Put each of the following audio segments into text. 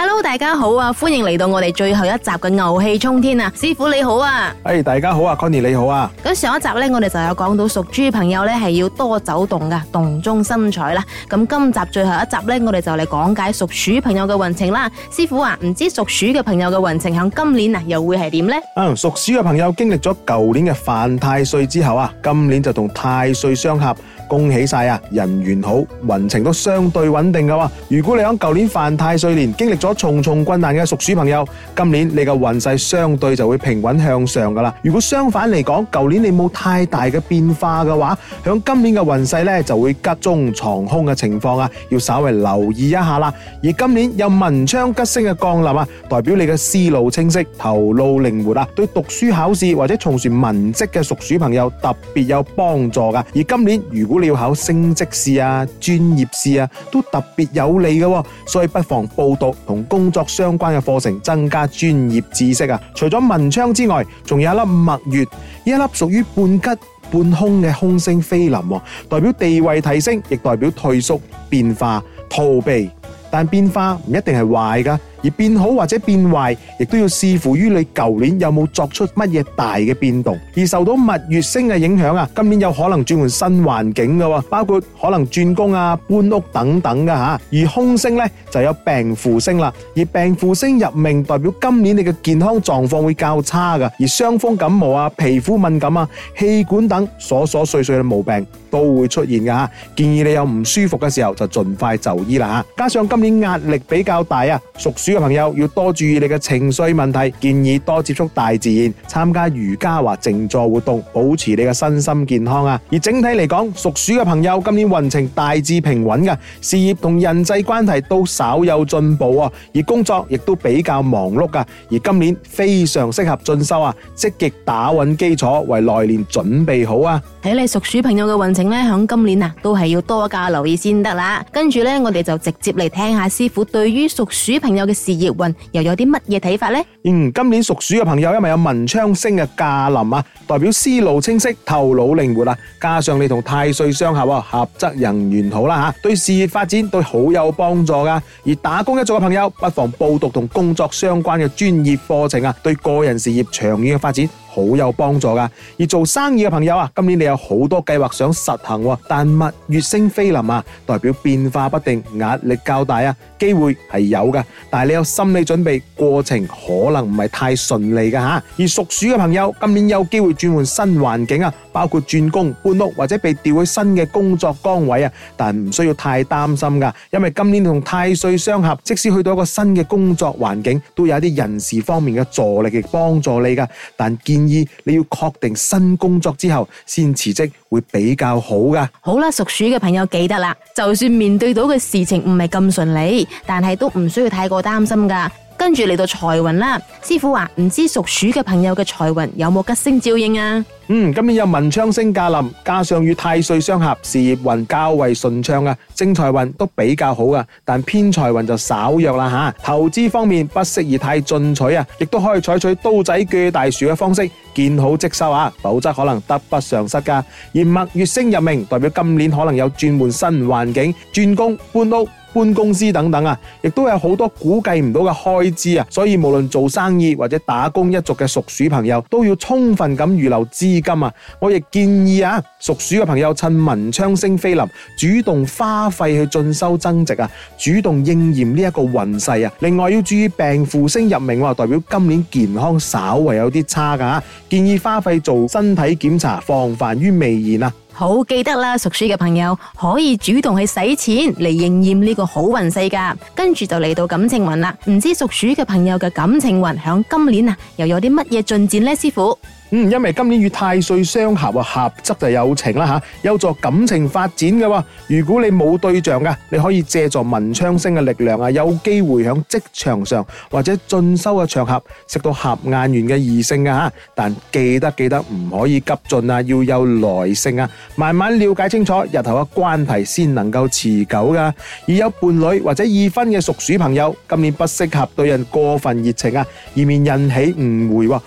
Hello，大家,、啊、hey, 大家好啊！歡迎嚟到我哋最後一集嘅牛氣沖天啊！師傅你好啊！哎，大家好啊 Connie 你好啊！咁上一集咧，我哋就有講到屬豬朋友咧係要多走動噶，動中生財啦。咁今集最後一集咧，我哋就嚟講解屬鼠朋友嘅運程啦。師傅啊，唔知屬鼠嘅朋友嘅運程響今年啊又會係點呢？嗯，屬鼠嘅朋友經歷咗舊年嘅犯太歲之後啊，今年就同太歲相合，恭喜晒啊！人緣好，運程都相對穩定噶。如果你響舊年犯太歲年經歷咗。重重困難嘅屬鼠朋友，今年你嘅運勢相對就會平穩向上噶啦。如果相反嚟講，舊年你冇太大嘅變化嘅話，響今年嘅運勢呢就會吉中藏凶嘅情況啊，要稍微留意一下啦。而今年有文昌吉星嘅降臨啊，代表你嘅思路清晰、頭腦靈活啊，對讀書考試或者從事文職嘅屬鼠朋友特別有幫助噶。而今年如果你要考升職試啊、專業試啊，都特別有利嘅，所以不妨報讀同。工作相關嘅課程，增加專業知識啊！除咗文昌之外，仲有一粒墨月，一粒屬於半吉半凶嘅空星飛臨，代表地位提升，亦代表退縮、變化、逃避。但變化唔一定係壞噶。而變好或者變壞，亦都要視乎於你舊年有冇作出乜嘢大嘅變動。而受到蜜月星嘅影響啊，今年有可能轉換新環境噶，包括可能轉工啊、搬屋等等噶吓。而空星呢，就有病符星啦，而病符星入命，代表今年你嘅健康狀況會較差噶。而傷風感冒啊、皮膚敏感啊、氣管等瑣瑣碎碎嘅毛病都會出現噶吓。建議你有唔舒服嘅時候就盡快就醫啦吓。加上今年壓力比較大啊，屬嘅朋友要多注意你嘅情緒問題，建議多接觸大自然，參加瑜伽或靜坐活動，保持你嘅身心健康啊！而整體嚟講，屬鼠嘅朋友今年運程大致平穩噶，事業同人際關係都稍有進步啊，而工作亦都比較忙碌噶，而今年非常適合進修啊，積極打穩基礎，為來年準備好啊！睇你屬鼠朋友嘅運程咧，響今年啊，都係要多加留意先得啦。跟住咧，我哋就直接嚟聽下師傅對於屬鼠朋友嘅。事業運又有啲乜嘢睇法呢？嗯，今年屬鼠嘅朋友，因為有文昌星嘅駕臨啊，代表思路清晰、頭腦靈活啊。加上你同太歲相合啊，合則人緣好啦、啊、吓，對事業發展都好有幫助噶、啊。而打工一族嘅朋友，不妨報讀同工作相關嘅專業課程啊，對個人事業長遠嘅發展。好有幫助噶，而做生意嘅朋友啊，今年你有好多計劃想實行，但物月星飛臨啊，代表變化不定，壓力較大啊，機會係有嘅，但係你有心理準備，過程可能唔係太順利嘅吓。而屬鼠嘅朋友，今年有機會轉換新環境啊，包括轉工、搬屋或者被調去新嘅工作崗位啊，但唔需要太擔心噶，因為今年同太歲相合，即使去到一個新嘅工作環境，都有一啲人事方面嘅助力嚟幫助你噶，但見。建議你要確定新工作之後先辭職會比較好㗎。好喇，屬鼠嘅朋友記得喇，就算面對到嘅事情唔係咁順利，但係都唔需要太過擔心㗎。跟住嚟到財運啦，師傅話唔知屬鼠嘅朋友嘅財運有冇吉星照應啊？嗯，今年有文昌星駕臨，加上與太歲相合，事業運較為順暢啊，正財運都比較好啊。但偏財運就稍弱啦吓、啊。投資方面不適宜太進取啊，亦都可以採取刀仔鋸大樹嘅方式，見好即收啊，否則可能得不償失噶。而蜜月星入命，代表今年可能有轉換新環境、轉工、搬屋。搬公司等等啊，亦都有好多估計唔到嘅開支啊，所以無論做生意或者打工一族嘅屬鼠朋友都要充分咁預留資金啊。我亦建議啊，屬鼠嘅朋友趁文昌星飛臨，主動花費去進修增值啊，主動應驗呢一個運勢啊。另外要注意病符星入命，代表今年健康稍為有啲差噶，建議花費做身體檢查，防範於未然啊。好記得啦，屬鼠嘅朋友可以主動去使錢嚟應驗呢個好運勢㗎，跟住就嚟到感情運啦。唔知屬鼠嘅朋友嘅感情運響今年啊，又有啲乜嘢進展呢？師傅？嗯，因為今年與太歲相合啊，合則就有情啦吓，有助感情發展嘅。如果你冇對象嘅，你可以借助文昌星嘅力量啊，有機會響職場上或者進修嘅場合，識到合眼緣嘅異性噶吓。但記得記得唔可以急進啊，要有耐性啊，慢慢了解清楚，日後嘅關係先能夠持久噶。而有伴侶或者已婚嘅屬鼠朋友，今年不適合對人過分熱情啊，以免引起誤會。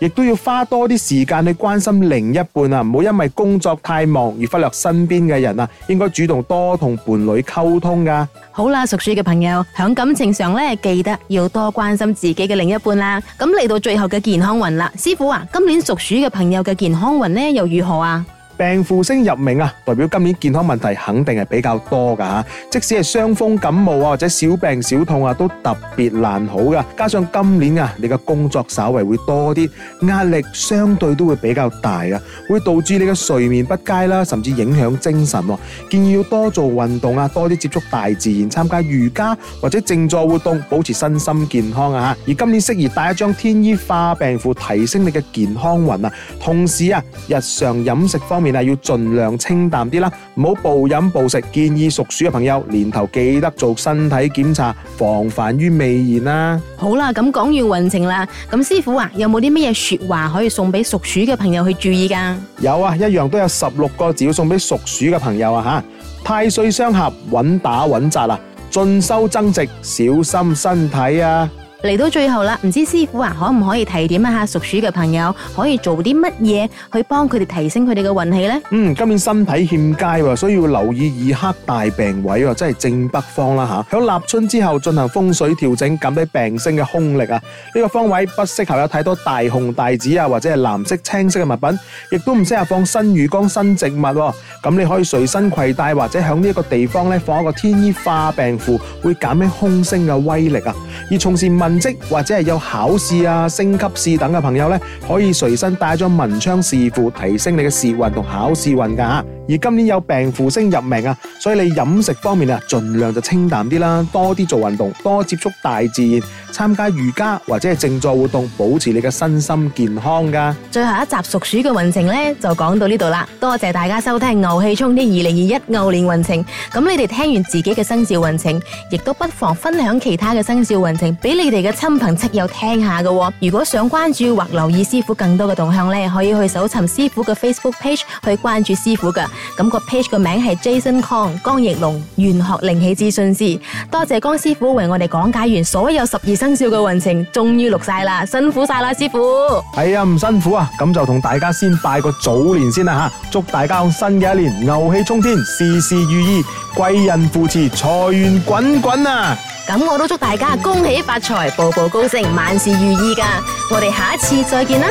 亦都要花多啲時間去關心另一半啊！唔好因為工作太忙而忽略身邊嘅人啊！應該主動多同伴侶溝通噶。好啦，屬鼠嘅朋友，響感情上咧，記得要多關心自己嘅另一半啦。咁嚟到最後嘅健康運啦，師傅啊，今年屬鼠嘅朋友嘅健康運呢又如何啊？病符星入命啊，代表今年健康問題肯定係比較多噶吓。即使係傷風感冒啊，或者小病小痛啊，都特別難好噶。加上今年啊，你嘅工作稍微會多啲，壓力相對都會比較大啊，會導致你嘅睡眠不佳啦，甚至影響精神。建議要多做運動啊，多啲接觸大自然，參加瑜伽或者靜坐活動，保持身心健康啊吓。而今年適宜帶一張天醫化病符，提升你嘅健康運啊。同時啊，日常飲食方面。要盡量清淡啲啦，唔好暴飲暴食。建議屬鼠嘅朋友年頭記得做身體檢查，防範於未然啦啊。好啦，咁講完運程啦，咁師傅啊，有冇啲乜嘢說話可以送俾屬鼠嘅朋友去注意噶？有啊，一樣都有十六個字要送俾屬鼠嘅朋友啊吓，太歲相合穩打穩紮啦，進修增值，小心身體啊！嚟到最後啦，唔知師傅啊，可唔可以提點一下屬鼠嘅朋友，可以做啲乜嘢去幫佢哋提升佢哋嘅運氣呢？嗯，今年身體欠佳喎，所以要留意二黑大病位喎，即係正北方啦吓。響立春之後進行風水調整，減低病星嘅凶力啊。呢、這個方位不適合有太多大紅大紫啊，或者係藍色、青色嘅物品，亦都唔適合放新魚缸、新植物。咁你可以隨身攜帶或者響呢一個地方咧，放一個天醫化病符，會減低凶星嘅威力啊。而從事物。或者係有考試啊、升級試等嘅朋友呢，可以隨身帶着文昌仕符，提升你嘅試運同考試運噶。而今年有病符星入命啊，所以你飲食方面啊，盡量就清淡啲啦，多啲做運動，多接觸大自然，參加瑜伽或者係靜坐活動，保持你嘅身心健康噶。最後一集屬鼠嘅運程咧，就講到呢度啦。多謝大家收聽牛氣沖天二零二一牛年運程。咁你哋聽完自己嘅生肖運程，亦都不妨分享其他嘅生肖運程俾你哋嘅親朋戚友聽下噶。如果想關注或留意師傅更多嘅動向咧，可以去搜尋師傅嘅 Facebook page 去關注師傅噶。咁、那個 page 個名係 Jason Kong 江奕龍玄學靈氣資訊師。多謝江師傅為我哋講解完所有十二生肖嘅運程，終於錄晒啦，辛苦晒啦師傅。係、哎、啊，唔辛苦啊，咁就同大家先拜個早年先啦、啊、吓，祝大家新嘅一年牛氣沖天，事事如意，貴人扶持，財源滾滾啊！咁我都祝大家恭喜發財，步步高升，萬事如意噶，我哋下一次再見啦。